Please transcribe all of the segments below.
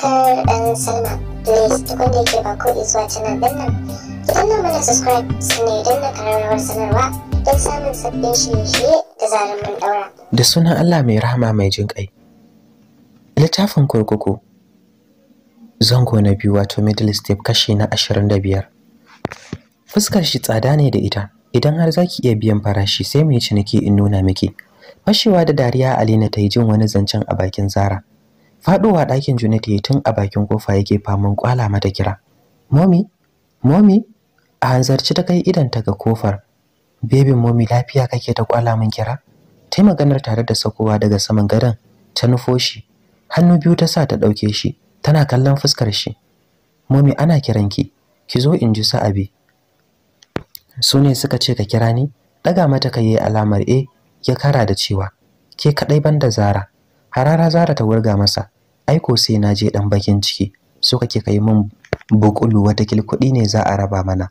subscribe and sign up. Please tukun da yake ba ko zuwa canal nan. subscribe sannan idan na sanarwa don samun sabbin shirye-shirye da zarar mun daura. Da sunan Allah mai rahma, mai jin ƙai. Littafin kurkuku zango na biyu wato middle step kashi na 25. Fuskar shi tsada ne da ita. Idan har zaki iya biyan farashi sai mai ciniki in nuna miki. Fashewa da dariya Alina ta yi jin wani zancen a bakin Zara. faɗowa ɗakin Junet ya tun a bakin kofa yake faman kwala mata kira. Mommy, mommy, a hanzarci ta kai idan ta ga kofar. Bebin mommy lafiya kake ta kwala min kira? Ta maganar tare da sakowa daga saman gadon ta nufo shi. Hannu biyu ta sa ta ɗauke shi, tana kallon fuskar shi. Mommy ana kiranki, ki zo in ji sa'abi. Su ne suka ce ka kira ni? daga mata kai yayi alamar A eh, ya kara da cewa, ke kaɗai banda Zara. harara zara ta wurga masa aiko sai na je dan bakin ciki suka ke kai min bukulu wata kuɗi ne za a raba mana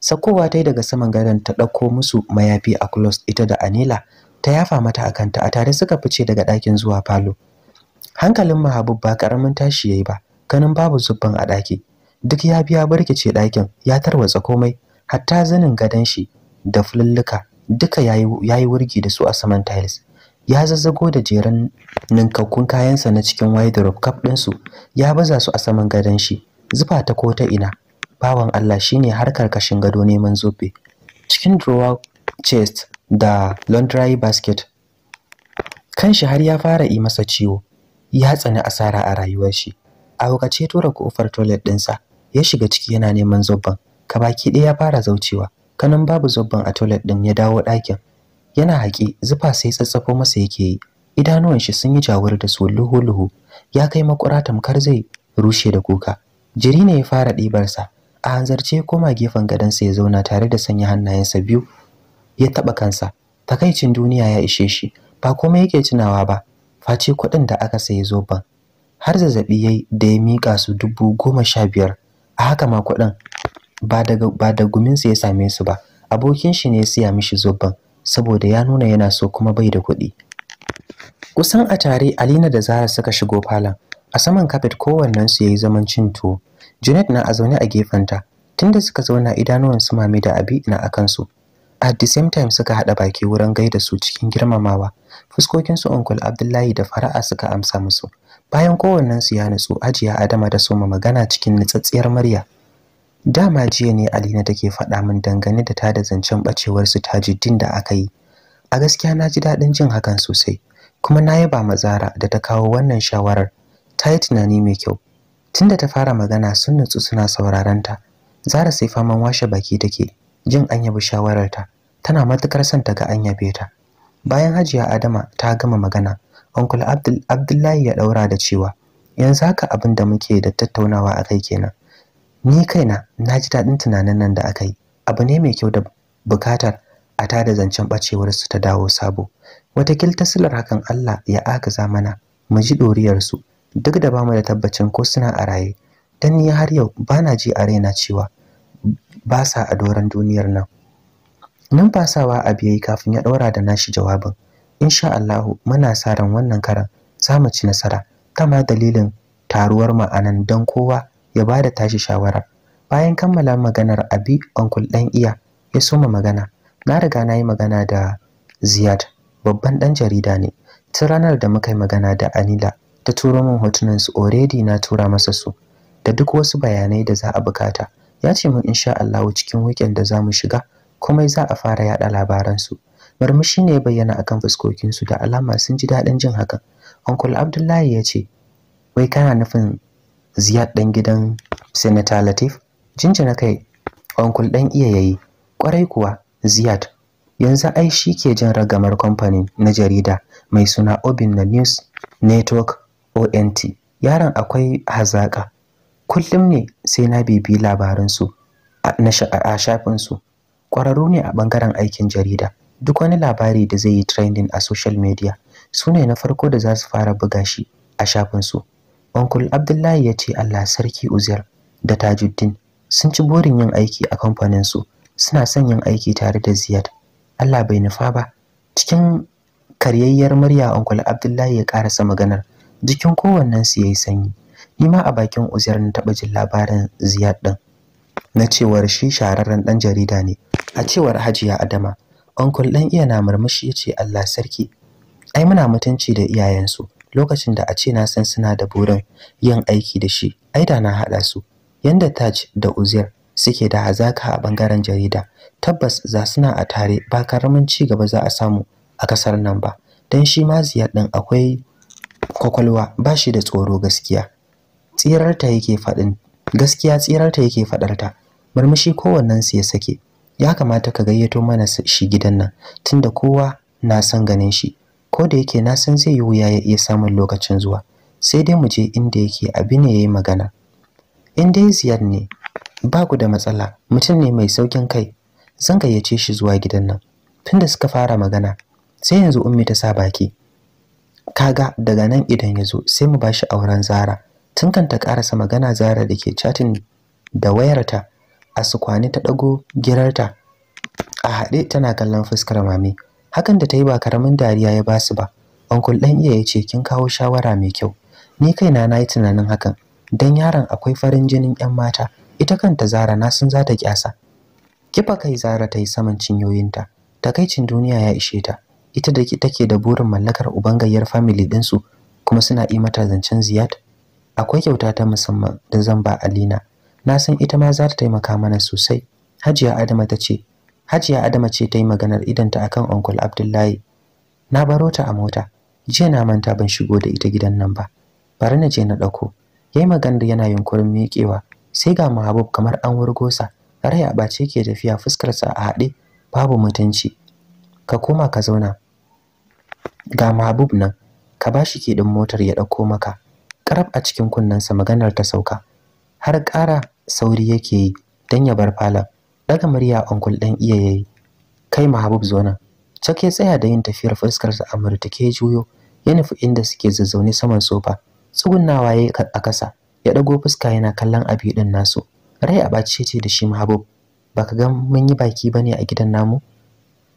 sakowa ta yi daga saman gadon ta ɗauko musu mayafi a close ita da anila ta yafa mata a kanta a tare suka fice daga ɗakin zuwa falo hankalin mahabub ba karamin tashi ya ba ganin babu zubban a ɗaki duk ya biya barkice ɗakin ya tarwatsa komai hatta zanin gadon shi da fululluka duka yayi yi wurgi da su a saman tiles ya zazzago da jeren ninkakkun kayansa na cikin wardrobe kaf ɗinsu ya baza su a saman gadon shi zufa ta ko ta ina bawan Allah shine harkar kashin gado neman zobe cikin drawer chest da laundry basket kanshi har ya fara yi masa ciwo ya tsani asara a rayuwar shi a lokacin tura kofar toilet ɗinsa ya shiga ciki yana neman zobban kabaki ɗaya ya fara zaucewa kanan babu zobban a toilet ɗin ya dawo ɗakin yana haƙi zufa sai tsatsafo masa yake yi idanuwan shi sun yi jawur da su luhu-luhu ya kai makura tamkar zai rushe da kuka jiri ne ya fara ɗibarsa a hanzarce koma gefen gadonsa ya zauna tare da sanya hannayensa biyu ya taɓa kansa takaicin duniya ya ishe shi ba komai yake tunawa ba face kuɗin da aka sayi zoben har zazzaɓi yayi da ya mika su dubu goma sha biyar a haka ma kuɗin ba da guminsa ya same su ba abokin shi ne ya siya mishi zoben saboda ya nuna yana so kuma bai da kuɗi kusan a tare alina da zara suka shigo falon a saman kafet kowannensu ya yi zaman cin tuwo junet na a zaune a gefenta tunda suka zauna idanuwan su mami da abi na akan su at the same time suka haɗa baki wurin gaida su cikin girmamawa fuskokin su uncle abdullahi da fara'a suka amsa musu bayan kowannensu ya nutsu ajiya adama da soma magana cikin nutsatsiyar murya dama jiya ne alina take faɗa min dangane da ta da zancen bacewar su tajuddin da aka yi a gaskiya na ji daɗin jin hakan sosai kuma na yaba mazara da ta kawo wannan shawarar ta yi tunani mai kyau tunda ta fara magana sun nutsu suna sauraron ta zara sai faman washe baki take jin an yabi shawarar ta tana matukar son ta ga an yabe ta bayan hajiya adama ta gama magana uncle abdullahi ya ɗaura da cewa yanzu haka abin da muke da tattaunawa a kai kenan ni kaina na ji daɗin tunanin nan da aka yi abu ne mai kyau da bukatar a tada zancen ɓacewar su ta dawo sabo watakil tasilar hakan Allah ya agaza mana mu ji ɗoriyarsu, duk da bamu da tabbacin ko suna a raye dan ni har yau ba na ji a raina cewa ba sa a doron duniyar nan numfasawa a biyayi kafin ya ɗaura da nashi jawabin insha Allahu muna sa ran wannan karan za mu ci nasara kama dalilin taruwar ma'anan dan kowa ya bada tashi shawara. bayan kammala maganar abi onkul ɗan iya ya soma magana na riga na yi magana da ziyad babban ɗan jarida ne ta ranar da muka yi magana da anila ta turo min hotunan su already na tura masa su da duk wasu bayanai da za a bukata ya ce min insha Allah cikin weekend da zamu shiga komai za a fara yada labaran su murmushi ne ya bayyana akan fuskokin su da alama sun ji dadin jin hakan uncle Abdullahi ya ce wai kana nufin Ziyad ɗan gidan Senator Latif jinjina kai onkul ɗan iya yayi kwarai kuwa Ziyad yanzu ai shi ke jin ragamar kamfanin na jarida mai suna Obin na News Network ONT yaron akwai hazaƙa, kullum ne sai na bibi labaransu a shafinsu ƙwararru ne a ɓangaren aikin jarida duk wani labari da zai yi trending a social media su ne na farko da za su fara buga shi a shafinsu Uncle Abdullahi ya ce Allah sarki Uzair da Tajuddin sun ci burin yin aiki a kamfanin su suna son yin aiki tare da Ziyad. Allah bai nufa ba. Cikin karyayyar murya Uncle Abdullahi ya karasa maganar. Jikin kowannen su yayi sanyi. Ni ma a bakin Uzair na taba jin labarin Ziyad din. Na cewar shi shararren dan jarida ne. A cewar Hajiya Adama, Uncle dan iya na murmushi ya ce Allah sarki. Ai muna mutunci da iyayensu. lokacin da a ce na san suna da burin yin aiki da shi ai da na haɗa su yanda Taj da Uzair suke da hazaka a bangaren jarida tabbas za suna a tare ba karamin ci gaba za a samu a kasar nan ba dan shi ma ziyar din akwai kwakwalwa ba shi da tsoro gaskiya tsirarta yake faɗin gaskiya tsirarta yake faɗarta murmushi kowannen su ya sake ya kamata ka gayyato mana shi gidan nan tunda kowa na son ganin shi ko da yake na san zai yi wuya ya iya samun lokacin zuwa sai dai mu je inda yake abi ne yayi magana in dai ziyar ne ba ku da matsala mutum ne mai saukin kai zan gayyace shi zuwa gidan nan tunda suka fara magana sai yanzu ummi ta sa baki kaga daga nan idan ya zo sai mu bashi auren zara tun kan ta karasa magana zara da ke chatin da wayarta a sukwane ta dago girarta a haɗe tana kallon fuskar mami hakan da ta yi ba karamin dariya ya ba su ba onkul ɗan iya ya ce kin kawo shawara mai kyau ni kaina na yi tunanin hakan dan yaron akwai farin jinin yan mata ita kanta zara na sun za kyasa kifa kai zara ta yi saman cinyoyinta takaicin duniya ya ishe ta ita da take da burin mallakar ubangayyar family su kuma suna yi mata zancen ziyad akwai kyauta ta musamman da zan ba alina na san ita ma za ta taimaka mana sosai hajiya adama ta ce Hajiya Adama ce ta yi maganar idanta kan Uncle Abdullahi. Na baro ta a mota. Jiya na manta ban shigo da ita gidan nan ba. Bari na je na ɗauko. Ya yi maganar yana yunkurin miƙewa. Sai ga Mahabub kamar an wurgosa. Rai a ce ke tafiya fuskarsa a haɗe babu mutunci. Ka koma ka zauna. Ga Mahabub nan. Ka ba shi keɗin motar ya ɗauko maka. Karab a cikin kunnensa maganar ta sauka. Har ƙara sauri yake yi don ya bar falon. daga murya onkul ɗan iya yayi kai mahabub zo nan cak ya tsaya da yin tafiyar fuskarsa a murtuke juyo ya nufi inda suke zazzaune saman sofa tsugunnawa ya a kasa ya ɗago fuska yana kallon abi ɗin nasu rai a ce da shi mahabub baka ga mun yi baki ba ne a gidan namu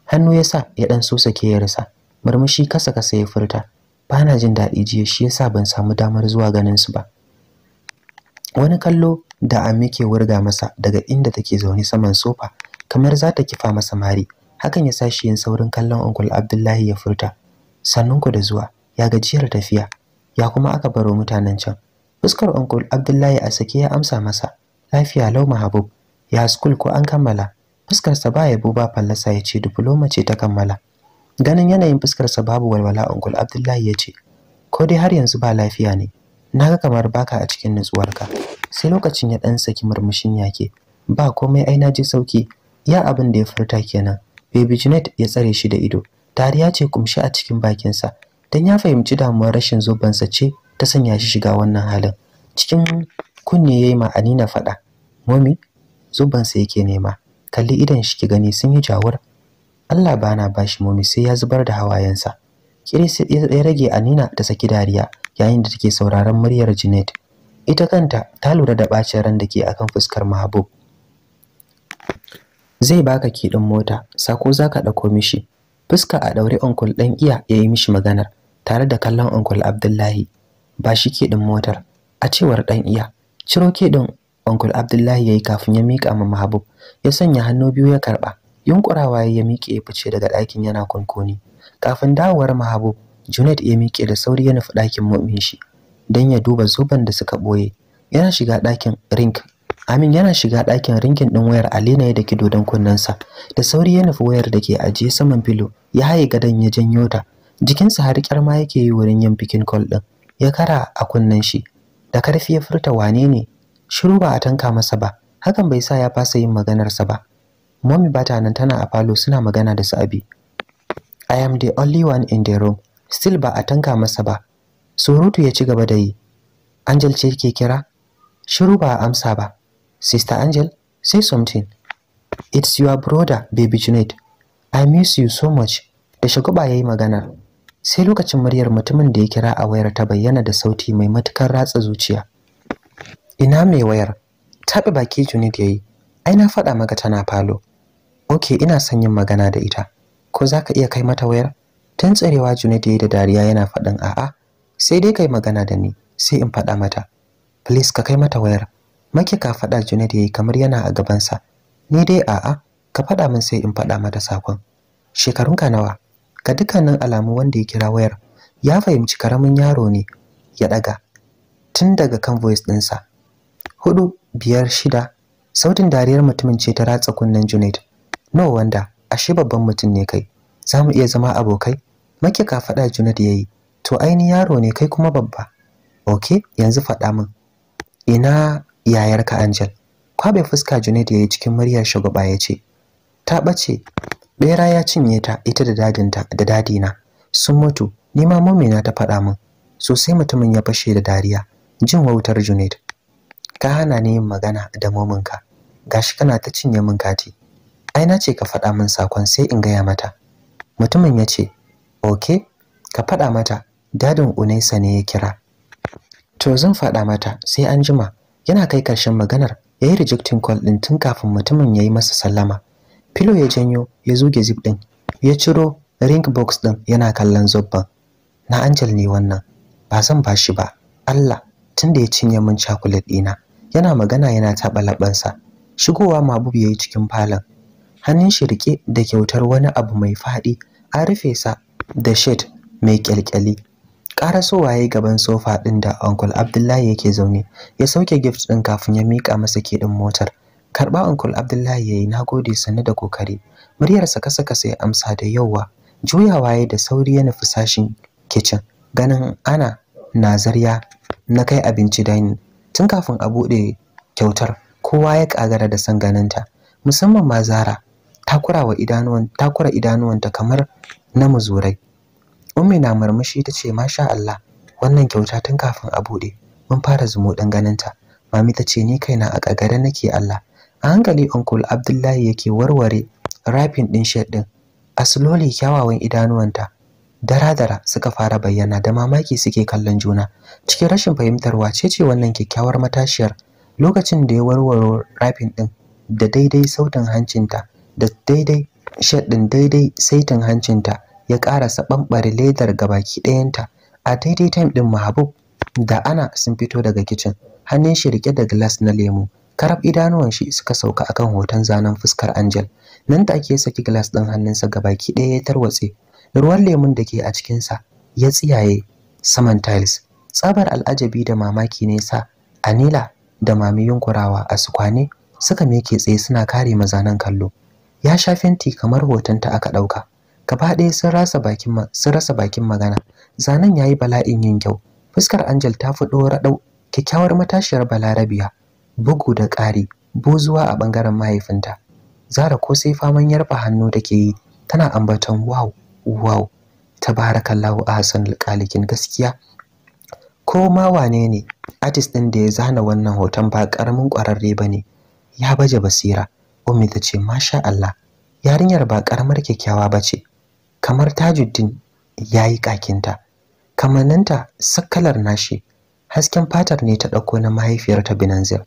hannu ya sa ya ɗan so sake ya rasa murmushi kasa kasa ya furta ba na jin daɗi jiya shi yasa ban samu damar zuwa ganin su ba wani kallo da amme ke wurga masa daga inda take zaune saman sofa kamar za ta kifa masa mari hakan ya sa shi yin saurin kallon Uncle Abdullahi ya furta sannun ku da zuwa ya gajiyar tafiya ya kuma aka baro mutanen can fuskar Uncle Abdullahi a sake ya amsa masa lafiya lau mahabub ya school ko an kammala fuskarsa ba ya buba fallasa ya ce diploma ce ta kammala ganin yanayin fuskarsa babu walwala Uncle Abdullahi ya ce ko dai har yanzu ba lafiya ne naga kamar baka a cikin nutsuwarka sai lokacin ya dan saki murmushin yake ba komai ai na ji sauki ya abin da ya furta kenan baby jinet ya tsare shi da ido Tariya ce kumshi a cikin bakinsa dan ya fahimci damuwar rashin sa ce ta sanya shi shiga wannan halin cikin kunne yayi ma'ani na faɗa momi sa yake nema kalli idan shi ki gani sun yi jawar Allah bana bashi momi sai ya zubar da hawayensa Kiris ya rage Anina ta saki dariya yayin da take sauraron muryar jinet ita kanta ta lura da bacin ran da ke akan fuskar mahabub zai baka kiɗin mota sako zaka ɗauko mishi fuska a ɗaure Uncle ɗan iya yayi mishi maganar tare da kallon Uncle abdullahi ba shi kiɗin motar a cewar ɗan iya ciro kiɗin Uncle abdullahi yayi kafin ya mika ma mahabub ya sanya hannu biyu ya karɓa yunkurawa ya mike ya fice daga ɗakin yana kunkuni kafin dawowar mahabub junaid ya miƙe da sauri ya nufi ɗakin mumin shi don ya duba zuban da suka ɓoye yana shiga ɗakin rink Amin yana shiga ɗakin rinkin ɗin wayar Alina ya kido dodon kunnensa da sauri ya nufi wayar da ke ajiye saman filo ya haye gadon ya janyo ta jikinsa har kyar ma yake yi wurin yin bikin kol ɗin ya kara a kunnen shi da karfi ya furta wane ne shiru ba a tanka masa ba hakan bai sa ya fasa yin maganarsa ba mommy bata nan tana a falo suna magana da su abi I am the only one in the room still ba a tanka masa ba surutu ya ci gaba da yi angel ce ke kira shiru ba amsa ba sister angel say something it's your brother baby junaid i miss you so much da shaguba ya yi magana sai lokacin muryar mutumin da ya kira a wayar ta bayyana da sauti mai matukar ratsa zuciya ina mai wayar taɓi baki junaid ya yi ai na faɗa maka tana falo ok ina son yin magana da ita ko za ka iya kai mata wayar tun tsarewa junaid ya yi da dariya yana faɗin a'a sai dai kai magana da ni sai in faɗa mata please ka kai mata wayar make ka faɗa Junaid yayi kamar yana a gabansa ni dai a'a ka faɗa min sai in faɗa mata sakon shekarunka nawa ka dukkanin alamu wanda ya kira wayar ya fahimci karamin yaro ne ya ɗaga tun daga kan voice ɗinsa hudu biyar shida sautin dariyar mutumin ce ta ratsa kunnen Junaid no wanda ashe babban mutum ne kai za mu iya zama abokai make ka faɗa Junaid yayi to aini yaro ne kai kuma babba Ok, yanzu faɗa min ina yayarka Angel kwabe fuska Junaid yi cikin muryar ya ce. ta ɓace. ɓera ya cinye ta ita da dadinta da dadina sun mutu nima ma na ta faɗa min sosai mutumin ya fashe da dariya jin wautar Junaid ka hana ni yin magana da mominka gashi kana ta cinye min kati ai na ce ka faɗa min sakon sai in gaya mata mutumin ya ce Ok, ka faɗa mata dadin unaisa ne ya kira to zan faɗa mata sai an jima yana kai ƙarshen maganar ya yi rejectin call ɗin tun kafin mutumin ya yi masa sallama filo ya janyo ya zuge zip ɗin ya ciro ring box ɗin yana kallon zobban na angel ne wannan ba zan ba shi ba allah tun da ya cinye min cakulet ɗina yana magana yana taɓa sa shigowa mabub ya yi cikin falon hannun shi riƙe da kyautar wani abu mai faɗi an rufe sa da shed mai kyalkyali Ƙara so yi gaban sofa ɗin da Uncle Abdullahi yake zaune, ya sauke gift ɗin kafin ya miƙa masa keɗin motar. Karɓa Uncle Abdullahi ya yi nagode sannu da kokari. Muryarsa kasa kasa ya amsa da yauwa. Juyawa ya da sauri ya nufi sashin kicin. Ganin ana na zarya na kai abinci dining. Tun kafin a buɗe kyautar, kowa ya ƙagara da san ganinta. Musamman ma Zara, takura wa takura idanuwanta kamar na muzurai ummi na murmushi ta ce masha Allah wannan kyauta tun kafin a bude mun fara zumo zumuɗin ganinta mami ta ce ni kaina a kagare nake Allah a hankali uncle Abdullahi yake warware rafin din shed din slowly kyawawan idanuwanta dara-dara suka fara bayyana da mamaki suke kallon juna cikin rashin fahimtar wace ce wannan kyakkyawar matashiyar lokacin da ya warware rafin din da daidai sautin hancinta da daidai shed din daidai saitin hancinta ya karasa bambare ledar gabaki ɗayanta a daidai time din mahabub da ana sun fito daga kicin hannun shi rike da glass na lemu karab idanuwan shi suka sauka akan hoton zanen fuskar angel nan da ake saki glass din hannunsa gabaki ɗaya ya tarwatse ruwan lemun da ke a sa ya tsiyaye saman tiles tsabar al'ajabi da mamaki ne sa anila da mami yunkurawa a sukwane suka meke tsaye suna kare mazanan kallo ya sha fenti kamar hotonta aka ɗauka gaba ɗaya sun rasa bakin sun rasa bakin magana zanen yayi bala'in yin kyau fuskar Angel ta fudo radau kyakkyawar matashiyar Balarabiya bugu da ƙari bozuwa a ɓangaren mahaifinta Zara ko sai faman yarfa hannu da ke yi tana ambaton wow wow tabarakallahu hasan qalikin gaskiya ko ma wane ne artist din da ya zana wannan hoton ba karamin kwararre bane ya baje basira umi ta ce masha Allah yarinyar ba ƙaramar kyakkyawa ba ce. kamar tajuddin ya yi kakinta kamanninta sakkalar nashi hasken fatar ne ta ɗauko na mahaifiyar ta binanzir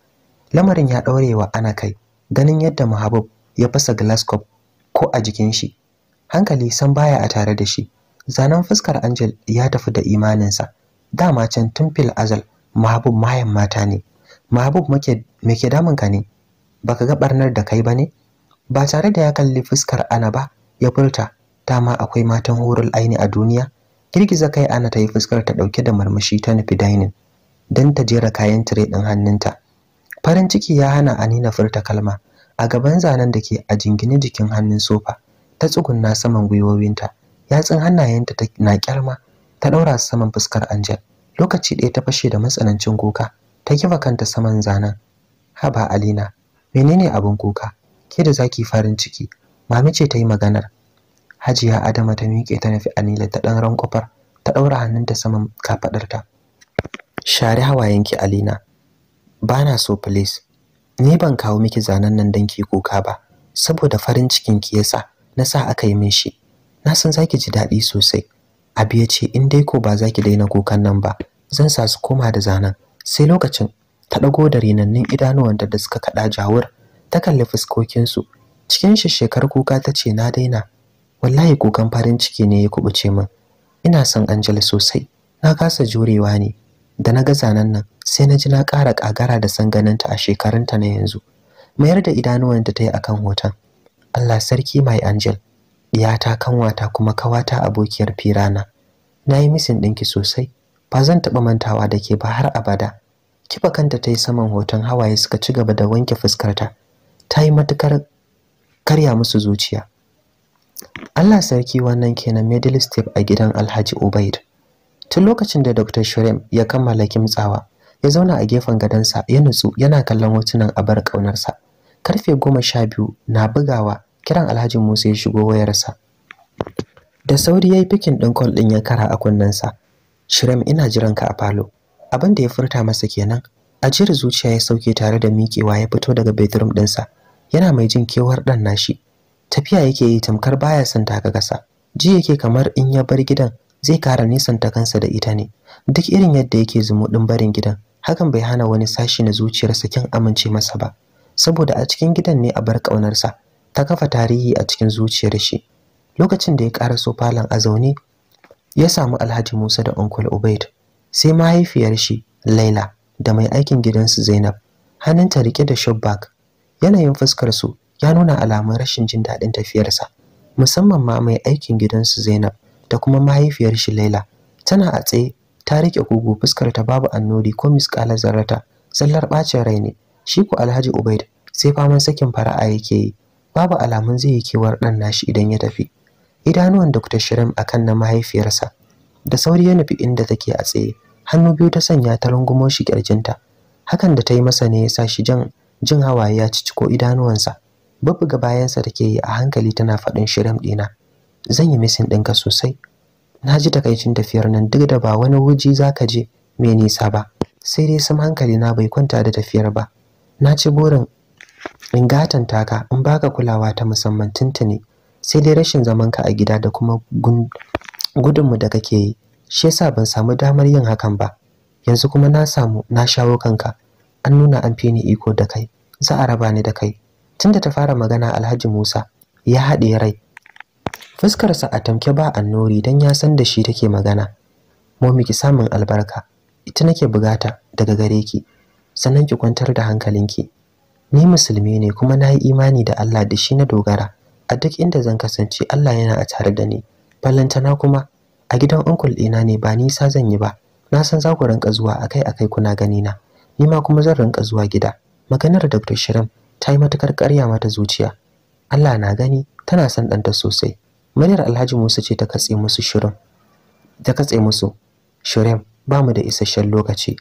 lamarin ya ɗaurewa ana kai ganin yadda mahabub ya fasa glasgow ko a jikin shi hankali san baya a tare da shi zanen fuskar angel ya tafi da imaninsa dama can tun fil azal mahabub mayan mata ne mahabub me ke damun ka ne Ba ka ga ɓarnar da kai ba ne ba tare da ya kalli fuskar ana ba ya furta dama akwai matan horul aini a duniya girgiza kai ana ta yi fuskar ta dauke da marmashi ta nufi dining don ta jera kayan tire din hannunta farin ciki ya hana anina furta kalma a gaban zanen da ke a jingine jikin hannun sofa ta tsugunna saman gwiwowinta yatsun hannayenta na kyarma ta daura saman fuskar anjel lokaci ɗaya ta fashe da matsanancin kuka ta kifa kanta saman zanen haba alina menene abin kuka ke da zaki farin ciki mami ce ta yi maganar Hajiya Adama ta miƙe ta nufi Anila ta ɗan ran rankwafar ta ɗaura hannunta saman kafaɗarta. Share hawayenki Alina. Bana so please. Ni ban kawo miki zanen nan don ki kuka ba saboda farin cikin ki yasa na sa aka yi min shi. Na san zaki ji daɗi sosai. Abi ya ce in dai ko ba za ki daina kukan nan ba zan sa su koma da zanen. Sai lokacin ta ɗago da rinannun idanuwanta da suka kaɗa jawur ta kalli fuskokinsu cikin shi shekar kuka ta ce na daina wallahi kukan farin ciki ne ya kubuce min ina son Angela sosai na kasa jurewa ne da na ga zanen nan sai na ji na ƙara ƙagara da san ganinta a shekarunta na yanzu mayar da idanuwanta ta yi akan hoton Allah sarki mai angel kan kanwata kuma kawata abokiyar firana na yi misin ɗinki sosai ba zan taɓa mantawa da ke ba har abada kifa kanta ta yi saman hoton hawaye suka ci gaba da wanke fuskarta ta yi matukar karya musu zuciya Allah sarki wannan kenan middle step a gidan Alhaji Ubaid tun lokacin da Dr. Shurem ya kammala kimtsawa ya zauna a gefen gadonsa ya nutsu yana kallon hotunan a bar kaunarsa, karfe goma sha biyu na bugawa kiran Alhaji Musa ya shigo wayarsa da sauri ya yi fikin ɗin kol ɗin ya kara a kunnensa Shirem ina jiran ka a falo abin da ya furta masa kenan ajiyar zuciya ya sauke tare da miƙewa ya fito daga bedroom ɗinsa yana mai jin kewar ɗan nashi tafiya yake yi tamkar baya son ta ga kasa ji yake kamar in ya bar gidan zai kara nisan ta kansa da ita ne duk irin yadda yake zumuɗin barin gidan hakan bai hana wani sashi na zuciyarsa kin amince masa ba saboda a cikin gidan ne a bar ƙaunarsa ta kafa tarihi a cikin zuciyar shi lokacin da ya ƙara so falon a zaune ya samu alhaji musa da onkul ubaid sai mahaifiyar shi laila da mai aikin gidansu zainab hannunta riƙe da shubbak yanayin fuskarsu. ya nuna alamun rashin jin daɗin tafiyarsa musamman ma mai aikin gidansu Zainab da kuma mahaifiyar shi Laila tana a tsaye ta riƙe kugu fuskar ta babu annori ko miskala zarrata sallar bacin rai ne shi ko Alhaji Ubaid sai faman sakin fara'a yake yi babu alamun zai yi kewar ɗan nashi idan ya tafi idanuwan Dr. a kan na mahaifiyarsa da sauri ya nufi inda take a tsaye hannu biyu ta sanya ta rungumo shi kirjinta hakan da ta yi masa ne ya sa shi jan jin hawaye ya ko idanuwansa Babu ga bayansa take yi a hankali tana faɗin shirin ɗina zan yi misin ɗinka sosai na ji takaicin tafiyar nan duk da ba wani wuji za ka je mai nisa ba sai dai sam hankali na bai kwanta da tafiyar ba na ci burin in gatan taka in baka kulawa ta musamman tuntuni sai dai rashin zaman ka a gida da kuma gudunmu da kake yi shi yasa ban samu damar yin hakan ba yanzu kuma na samu na shawo kanka an nuna an fi ni iko da kai za a raba ni da kai tunda ta fara magana Alhaji Musa ya haɗe rai fuskarsa a tamke ba annori dan ya san da shi take magana momi ki samun albarka ita nake bugata daga gare ki sannan ki kwantar da hankalinki ni musulmi ne kuma na yi imani da Allah da shi na dogara a duk inda zan kasance Allah yana a tare da ni ballantana kuma a gidan uncle ɗina ne ba nisa zan yi ba na san za ku rinka zuwa akai-akai kuna ganina ni ma kuma zan rinka zuwa gida maganar Dr. Shirin ta yi matukar karya mata zuciya Allah na gani tana son ɗanta sosai muryar Alhaji Musa ce ta katse musu shirin ta katse musu shirin ba mu da isasshen lokaci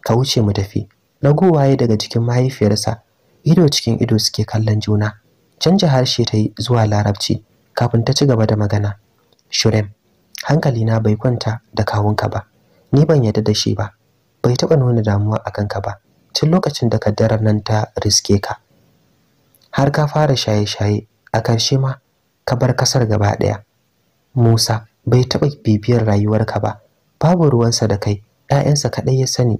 ka wuce mu tafi ragowaye daga cikin mahaifiyarsa ido cikin ido suke kallon juna canja harshe ta yi zuwa larabci kafin ta ci gaba da magana shurem na bai kwanta da kawunka ba ni ban yarda da shi ba bai taɓa nuna damuwa a kanka ba tun lokacin da kaddarar nan ta riske ka har ka fara shaye-shaye a ƙarshe ma ka bar ƙasar gaba ɗaya Musa bai taɓa bibiyar rayuwarka ba babu ruwansa da kai ‘ya'yansa kaɗai ya sani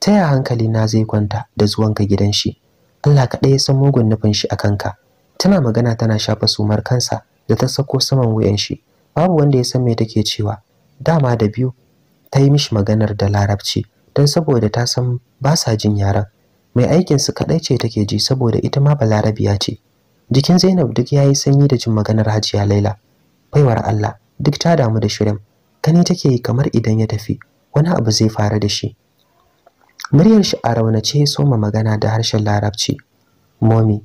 ta ya hankali na zai kwanta da zuwanka gidan shi Allah kaɗai ya san mugun nufin shi a kanka tana magana tana shafa sumar kansa da ta sako saman wuyan shi babu wanda ya san me take cewa dama da biyu ta yi mishi maganar da larabci don saboda ta san ba sa jin yaran mai aikin su kadai ce take ji saboda ita ma balarabiya ce jikin Zainab duk yayi sanyi da jin maganar Hajiya Laila baiwar Allah duk ta damu da shirin kani take yi kamar idan ya tafi wani abu zai faru da shi muryar shi a raunace soma magana da harshen Larabci momi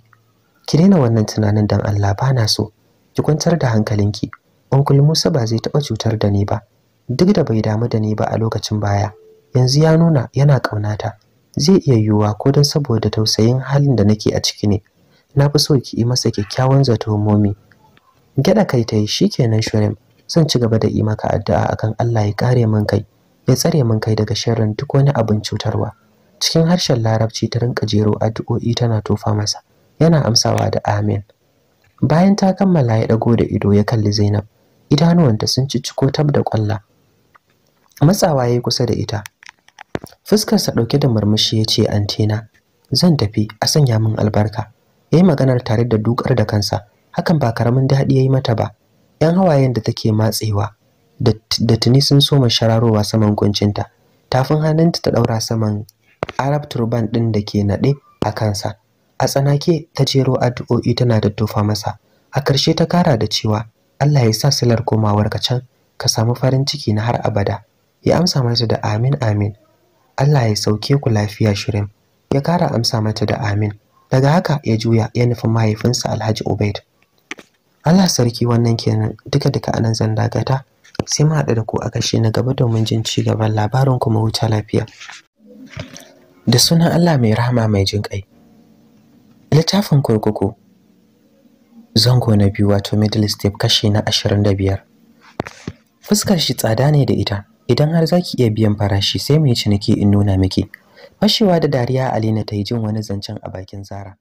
ki daina wannan tunanin dan Allah bana so ki kwantar da hankalinki onkul Musa ba zai taɓa cutar da ni ba, duk da bai damu da ni ba a lokacin baya, yanzu ya nuna yana ƙaunata. zai iya yiwuwa ko don saboda tausayin halin da nake a ciki ne na fi so ki yi masa kyakkyawan zato momi gyaɗa kai ta yi shi kenan shirin zan ci gaba da yi maka addu'a akan Allah ya kare min kai ya tsare min kai daga sharrin duk wani abin cutarwa cikin harshen larabci ta rinka jero addu'o'i tana tofa masa yana amsawa da amin bayan ta kammala ya dago da ido ya kalli Zainab idanuwanta sun ci ciko tab da kwalla matsawa ya yi kusa da ita fuskarsa ɗauke da murmushi ya ce antina zan tafi a sanya min albarka ya yi maganar tare da dukar da kansa hakan ba karamin daɗi ya yi mata ba yan hawayen da take matsewa da tuni sun soma shararowa saman kuncinta tafin hannunta ta ɗaura saman arab turban ɗin da ke naɗe a kansa a tsanake ta jero addu'o'i tana da tattofa masa a ƙarshe ta kara da cewa Allah ya sa silar komawar ka can ka samu farin ciki na har abada ya amsa masa da amin amin Allah ya sauke ku lafiya shirin ya kara amsa mata da amin daga haka ya juya ya nufi mahaifinsa Alhaji Ubaid Allah sarki wannan kenan duka duka anan zan dagata sai mu haɗu da ku a kashe na gaba domin jin ci gaban labarin kuma huta lafiya da sunan Allah mai rahama mai jin kai littafin kurkuku zango na biyu wato middle step kashi na ashirin da biyar. fuskar shi tsada ne da ita idan har zaki iya biyan farashi sai mu yi ciniki in nuna miki fashewa da dariya alina ta yi jin wani zancen a bakin zara